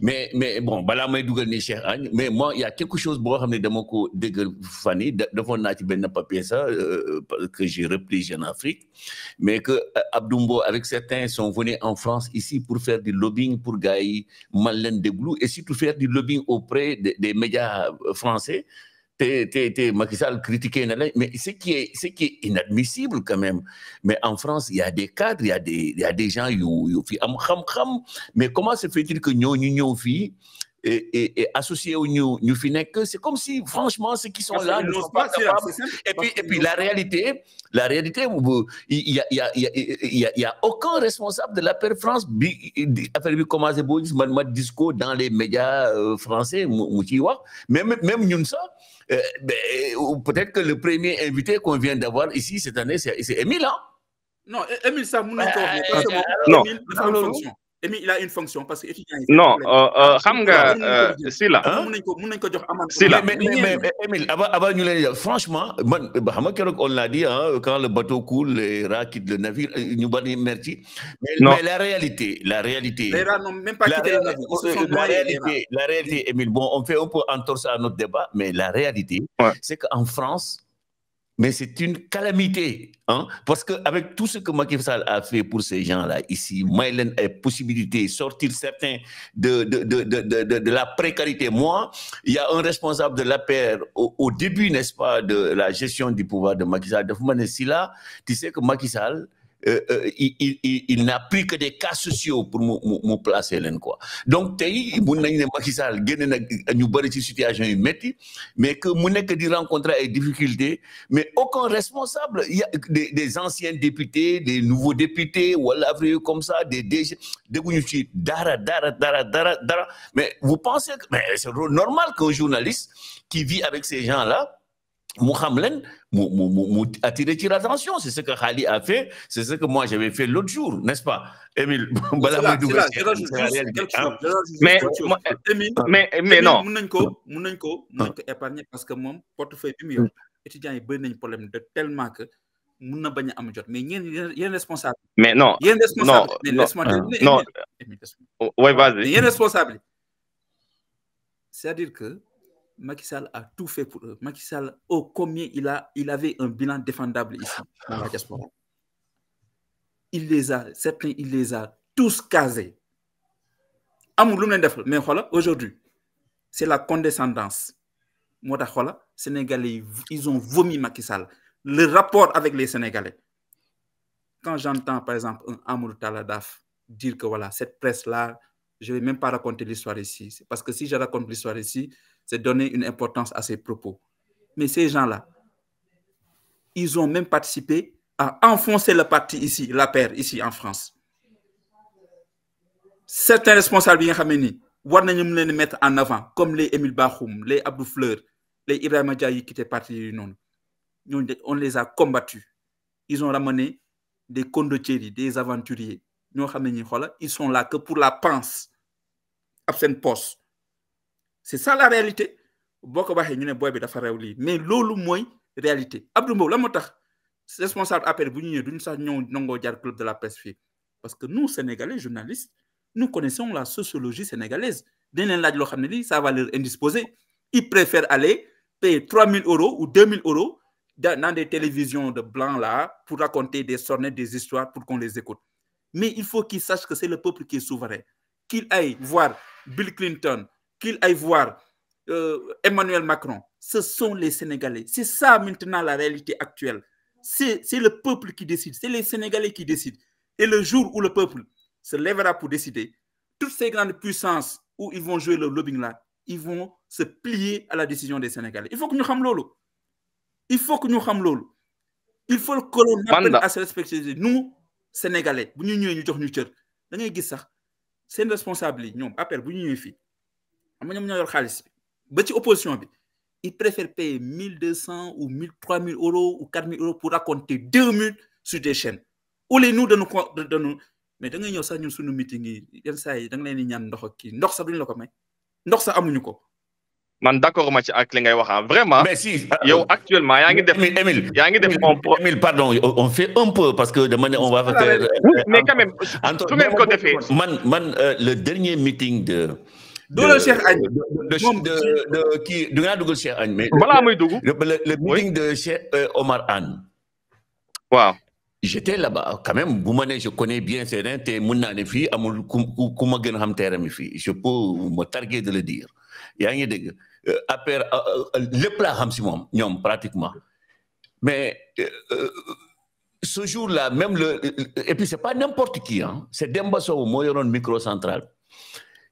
mais mais bon bah may mais moi il y a quelque chose de papier ça euh, que j'ai repris en Afrique mais que euh, avec certains sont venus en France ici pour faire du lobbying pour Gaï, Malène de Glou, et surtout faire du lobbying auprès des médias français c'est mais ce qui, est, qui inadmissible quand même. Mais en France, il y a des cadres, il y a des, il y a des gens, mais comment se fait-il que nous, nous, nous, nous, et, et, et nous, au nous, nous, Finec, c'est comme si, franchement, ceux qui sont là ne sont pas Et puis, et puis la réalité, la réalité, il n'y a, aucun responsable de la paire France, commencer discours dans les médias euh, français, même, même nous, ça. Euh, ben, euh, peut-être que le premier invité qu'on vient d'avoir ici cette année, c'est Emile Hein non, Emile ça, ah, euh, Non, mais il a une fonction parce que non Hamga, euh, euh, ah, nga euh, là. Ah, mais mais Emile avant avant ñu franchement on l'a dit hein, quand le bateau coule les rats quittent le navire ñu bari merci. mais la réalité la réalité. les rats n'ont même pas quitté le navire. la réalité la réalité Emile bon on fait un peu entorse à notre débat mais la réalité. c'est qu'en France. Mais c'est une calamité, hein? parce qu'avec tout ce que Macky Sall a fait pour ces gens-là ici, Mylène a possibilité de sortir certains de, de, de, de, la précarité. Moi, il y a un responsable de l'APR au, au début, n'est-ce pas, de la gestion du pouvoir de Macky Sall. De là, tu sais que Macky Sall, euh, euh, il, n'a pris que des cas sociaux pour me placer là quoi donc tey mun nañu ne Macky Sall génne na ñu bari ci situation yu metti mais que mu nekk di rencontrer des difficultés mais aucun responsable il y a des anciens députés des nouveaux députés wala comme ça des DG dégguñu ci dara dara dara dara dara mais vous pensez que mais c'est normal qu'un journaliste qui vit avec ces gens-là mu xam leen mu mu mu ci l'attention c'est ce que Khali a fait c'est ce que moi j'avais fait l'autre jour n'est-ce pas Émile Mais, hein? muy dugal ah. mais mais mais non mën Mounenko, ko mën nañ ko nañ ko ah. épargner parce que mon portefeuille bi mieux, étudiant, étudiants yi bëri nañ problème de tellement que mën na a am jot mais yéen responsable mais non yéen responsable non non oui vas-y responsable c'est-à-dire que Macky a tout fait pour eux. Macky Sall, oh, combien il, a, il avait un bilan défendable ici, Il les a, certains, il les a tous casés. Mais voilà, aujourd'hui, c'est la condescendance. Moi, Sénégalais, ils ont vomi Macky Sall. Le rapport avec les Sénégalais. Quand j'entends, par exemple, un Amour Taladaf dire que voilà, cette presse-là, je ne vais même pas raconter l'histoire ici. Parce que si je raconte l'histoire ici, c'est donner une importance à ces propos. Mais ces gens-là, ils ont même participé à enfoncer le parti ici, la paire, ici en France. Certains responsables, bien war nañu les mettre en avant comme les Émile Bachoum, les Abdou Fleur les Ibrahim Dia qui étaient partis. du on les a combattus ils ont ramené des condottieri des aventuriers ils sont là que pour la panse absent poste c'est ça la réalité ñu mais lolu réalité Abdou la motax responsable club de la presse parce que nous Sénégalais journalistes nous connaissons la sociologie sénégalaise ça va leur indisposer ils préfèrent aller payer 3000 euros ou 2000 euros dans des télévisions de blanc là pour raconter des sonnettes, des histoires pour qu'on les écoute mais il faut qu'ils sachent que c'est le peuple qui est souverain qu'il aillent voir Bill Clinton qu'il aille voir euh, Emmanuel Macron, ce sont les Sénégalais. C'est ça maintenant la réalité actuelle. C'est le peuple qui décide, c'est les Sénégalais qui décident. Et le jour où le peuple se lèvera pour décider, toutes ces grandes puissances où ils vont jouer le lobbying là, ils vont se plier à la décision des Sénégalais. Il faut que nous sachions Il faut que nous sachions Il faut que l'on apprenne à se respecter. Nous, Sénégalais, nous sommes nous sommes nous C'est nous sommes nous sommes nous sommes xam ñu ñoom yor xaliss bi ba ci opposition bi ils préfèrent payer 1200 ou mille euros ou 4000 euros pour raconter 2000 minutes sur des chaînes ou les nous dañu ko dañu mais da nga ñëw sax ñun suñu meeting yi yenn saa da nga leen ñaan ndox ak kii ndox sax duñ la ko may ndox sax amuñu ko. man d'accord ma ci ak li ngay wax ah, vraiment. mais si euh, yow actuellement ya nga def. Émile ya nga def mon pro. Émile pardon on fait un peu parce que de manière on va faire. mais quand même su ngeen ko defee. man man euh, le dernier meeting de duggal Cheikh Agne De, de de de du nga duggal Cheikh Agne mais voilà, may dugg le meeting de Cheikh euh, Omar Anne waaw j'étais là-bas quand même bu ma je connais bien terrain te mun naa ne fii amul ku ku ma gën xam terrain mi je peux me targuer de le dire yaa ngi dégg euh, après euh, lépp laa xam si moom ñoom pratiquement mais ce jour-là même le et puis c'est pas n'importe qui hein. c'est Demba Sow moo micro microcentral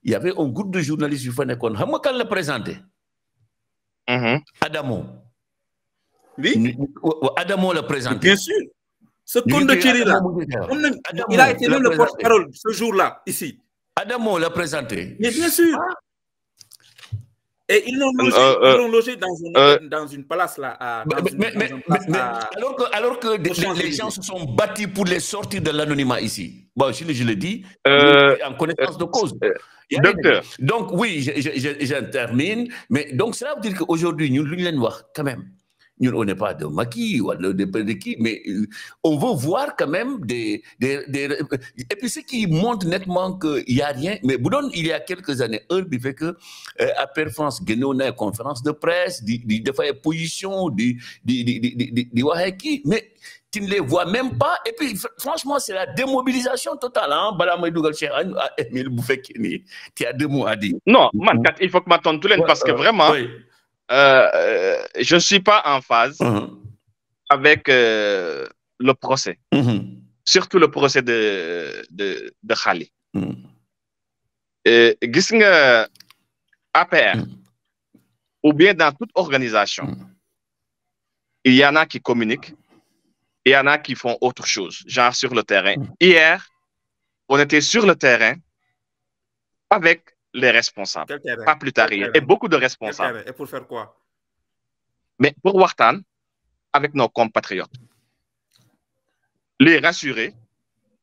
il y avait un groupe de journalistes du fa Comment xam la présenté. Mhm. Adamo. oui Adamo la présenté. bien sûr. ce compte de Thierry là il a été même le porte-parole ce jour là ici. Adamo l'a présenté. mais bien sûr. Ah. Et euh, euh, ils l'ont logé, dans, une, euh, place là. alors que, les, gens se sont battus pour les sortir de l'anonymat ici. Bon, je, je le dis, en connaissance de cause. Docteur. Donc oui, je, termine. Mais donc cela veut dire qu'aujourd'hui, nous, noire, quand même on n'est pas de Maquis ou de, de, qui, mais euh, on veut voir quand même des. et puis ce qui montre nettement qu'il n'y a rien. Mais Boudon, il y a quelques années, un il fait que euh, à Perfrance, on a une conférence de presse, des de, de position, des Wahaki, mais tu ne les vois même pas. Et puis, franchement, c'est la démobilisation totale. Hein? Ah, ah, tu as deux mots à dire. Non, man, il faut que m'attende tout le parce que vraiment. Euh, euh, je ne suis pas en phase avec euh, le procès, surtout le procès de, de, de Khali. APR, ou bien dans toute organisation, il y en a qui communiquent, il y en a qui font autre chose, genre sur le terrain. Hier, on était sur le terrain avec les responsables. Pas plus tard. Et beaucoup de responsables. Et pour faire quoi Mais pour Wartan, avec nos compatriotes, les rassurer,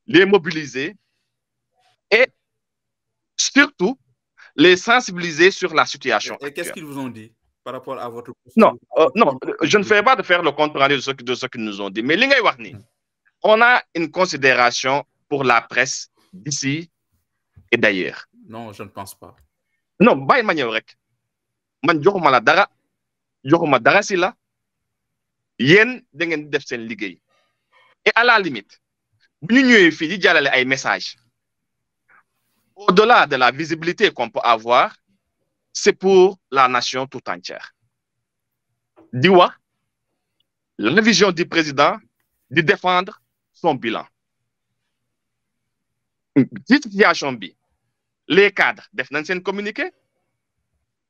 les mobiliser et surtout les sensibiliser sur la situation. Et, qu'est-ce qu'ils vous ont dit par rapport à votre. Non, euh, non je ne fais pas de faire le compte rendu de ce, de qu'ils nous ont dit. Mais on a une considération pour la presse d'ici et d'ailleurs non je ne pense pas. non je ma pense rek man joxuma la dara joxuma dara si la da ngeen et à la limite bu ñu ñëwé fi di ay messages au-delà de la visibilité qu'on peut avoir c'est pour la nation tout entière D'où la vision du président de défendre son bilan ci situation Chambi les cadres def nañ un communiqué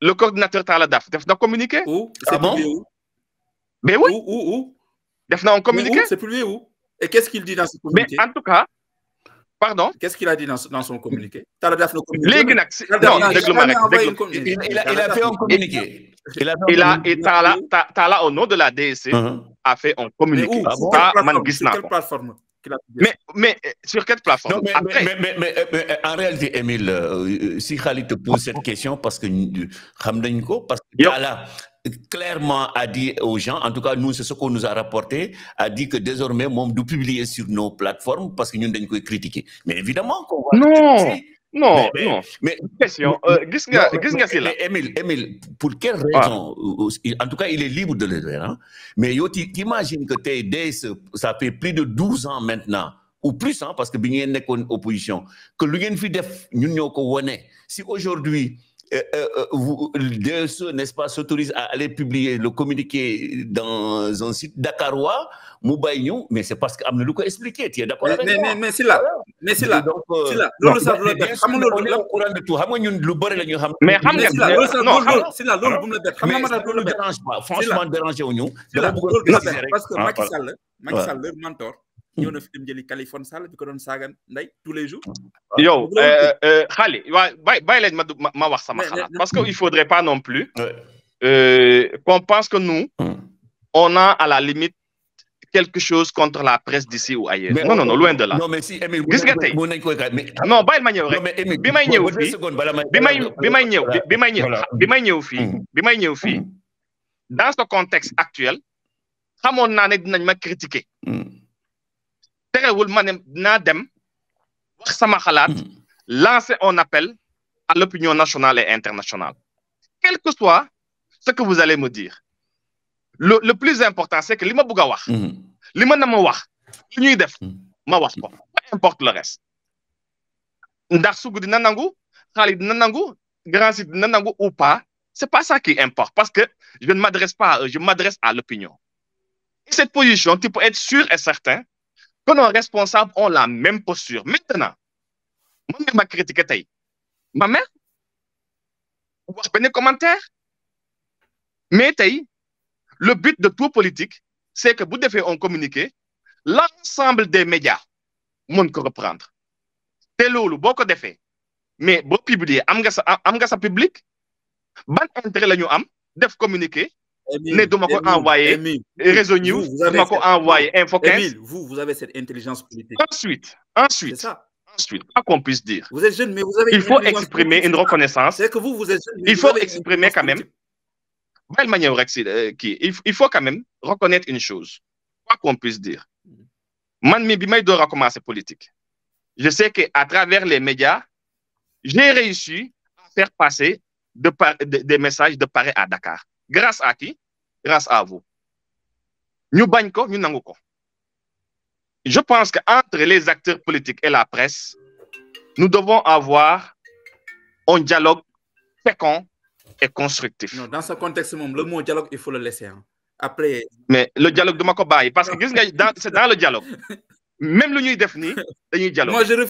le coordinateur tala Daf def na communiqué. Ah où c'est bon? mais oui où où def na un communiqué c'est publié où. et qu'est-ce qu'il dit dans ce communiqué mais en tout cas. Pardon Qu'est-ce qu'il a dit dans, son communiqué Tala Daf ne communiqué Non, il, il, a, il a fait un communiqué. Il a, il et Tala, Tala, au nom de la DSC, e, uh-huh. a fait un communiqué. Mais où, ah Quelle plateforme mais, mais, euh, sur quelle plateforme en réalité, Emile, euh, euh, si Khalid te pose cette question, parce que parce que clairement a dit aux gens, en tout cas nous c'est ce qu'on nous a rapporté, a dit que désormais nous doit publier sur nos plateformes parce que nous est critiqué. Mais évidemment qu'on va non. Non, mais, non. question. Emile, euh, pour quelle raison En tout cas, il est libre de le faire. Hein? Mais imagine que es ça fait plus de 12 ans maintenant, ou plus, hein, parce que nous n'est une opposition, que l'Union Si aujourd'hui, euh, euh, euh vous, DSE, nest pas, s'autorise à aller publier le communiqué dans un site dakarois, mu mais c'est parce que am lu ko expliqué tu es d'accord avec moi mais c'est là mais c'est là euh, c'est là, loolu sax loolu bett xam la courant de tout xam nga ñun lu bëri la ñu xam mais xam nga c'est là, loolu si la loolu xam nga ma dérange pas franchement dérangez wu ñu dama parce que ah, Macky Sall Macky Sall leur mentor ñëw na fi dem jëli Californie Sall bi ko doon saagan nday tous les jours yo xaali waa bay bàyyi leen ma ma wax sama xalaat parce que il faudrait pas non plus euh, qu'on pense que nous hmm. on a à la limite quelque chose contre la presse d'ici ou ailleurs. non, non, loin de là. Non, mais si, eh, ah non pas bimanyo manière. Non, mais eh, bimanyo dans ce contexte actuel comment on critiquer mm-hmm. mm-hmm. un appel à l'opinion nationale et internationale quel que soit ce que vous allez me dire le plus important c'est que je ne bëgg a wax. Mhm. li ma na ma wax li ñuy def mhm. ma importe le reste ndax de dina nangu de nangu de ou pas c'est pas ça qui importe parce que je ne m'adresse pas à eux je m'adresse à l'opinion et cette position tu peux être sûr et certain que nos responsables ont la même posture maintenant moi, ma ma critique tey ma mère wax des commentaires. mais le but de tout politique c'est que vous devez en communiquer l'ensemble des médias mon ko reprendre pas loolu boo ko mais boo publier am nga sa am nga sa public ban intérêt la ñu am def communiqué. ne envoyé réseau news duma ko envoyé info vous vous avez cette intelligence politique. ensuite ensuite. Ensuite, quoi qu'on puisse dire. Vous êtes jeune, mais vous avez il faut exprimer une reconnaissance. C'est que vous, vous êtes jeune, il faut exprimer quand même euh, il faut quand même reconnaître une chose, quoi qu'on puisse dire. Man, je recommencer politique. Je sais qu'à travers les médias, j'ai réussi à faire passer des messages de Paris à Dakar. Grâce à qui Grâce à vous. Nous banko, nous Je pense qu'entre les acteurs politiques et la presse, nous devons avoir un dialogue fécond et constructif. dans ce contexte, le mot dialogue, il faut le laisser. Hein. Après. Mais le dialogue de Makobaï, parce que c'est dans le dialogue. Même le Nuit dans le Dialogue. Moi, je